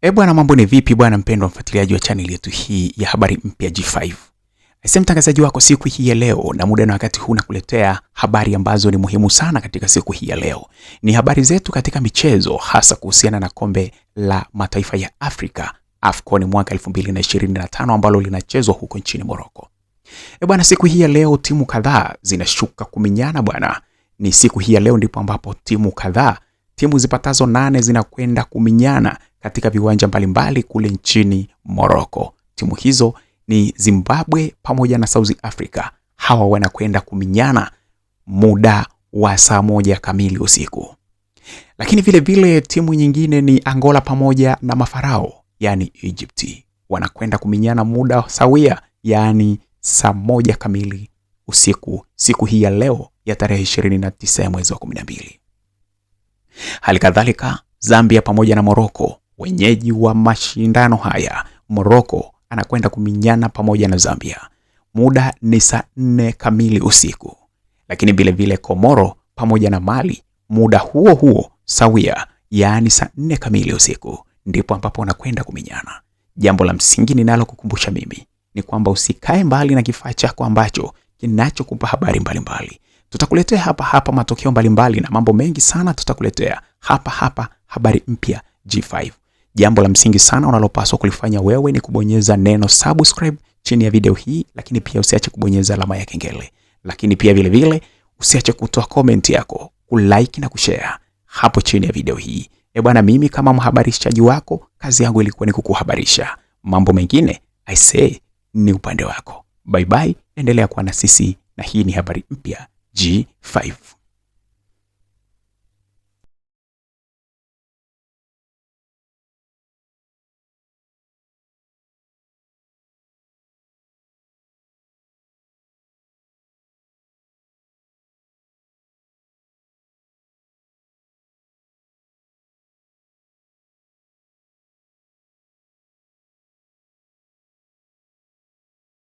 E bwana, mambo ni vipi bwana, mpendwa mfuatiliaji wa channel yetu hii ya habari mpya G5. Asante mtangazaji wako siku hii ya leo, na muda na wakati huu nakuletea habari ambazo ni muhimu sana katika siku hii ya leo. Ni habari zetu katika michezo, hasa kuhusiana na kombe la mataifa ya Afrika AFCON mwaka 2025 ambalo linachezwa huko nchini Morocco. E bwana, siku hii ya leo timu kadhaa zinashuka kuminyana bwana. Ni siku hii ya leo ndipo ambapo timu kadhaa, timu zipatazo nane zinakwenda kuminyana katika viwanja mbalimbali kule nchini Morocco. Timu hizo ni Zimbabwe pamoja na South Africa. Hawa wanakwenda kuminyana muda wa saa moja kamili usiku. Lakini vile vile timu nyingine ni Angola pamoja na Mafarao, yani Egypt. Wanakwenda kuminyana muda sawia, yani saa moja kamili usiku siku hii ya leo ya tarehe 29 ya mwezi wa 12. Hali kadhalika Zambia pamoja na Morocco wenyeji wa mashindano haya moroko anakwenda kuminyana pamoja na Zambia. Muda ni saa nne kamili usiku, lakini vilevile Komoro pamoja na Mali muda huo huo sawia, yaani saa nne kamili usiku ndipo ambapo wanakwenda kuminyana. Jambo la msingi ninalokukumbusha mimi ni kwamba usikae mbali na kifaa chako ambacho kinachokupa habari mbalimbali mbali. Tutakuletea hapa hapa matokeo mbalimbali mbali na mambo mengi sana tutakuletea hapa hapa habari mpya G5. Jambo la msingi sana unalopaswa kulifanya wewe ni kubonyeza neno subscribe chini ya video hii, lakini pia usiache kubonyeza alama ya kengele, lakini pia vile vile usiache kutoa comment yako, kulike na kushare hapo chini ya video hii. E bwana, mimi kama mhabarishaji wako, kazi yangu ilikuwa ni kukuhabarisha. Mambo mengine I say ni upande wako. Bye bye, endelea kuwa na sisi na hii ni habari mpya G5.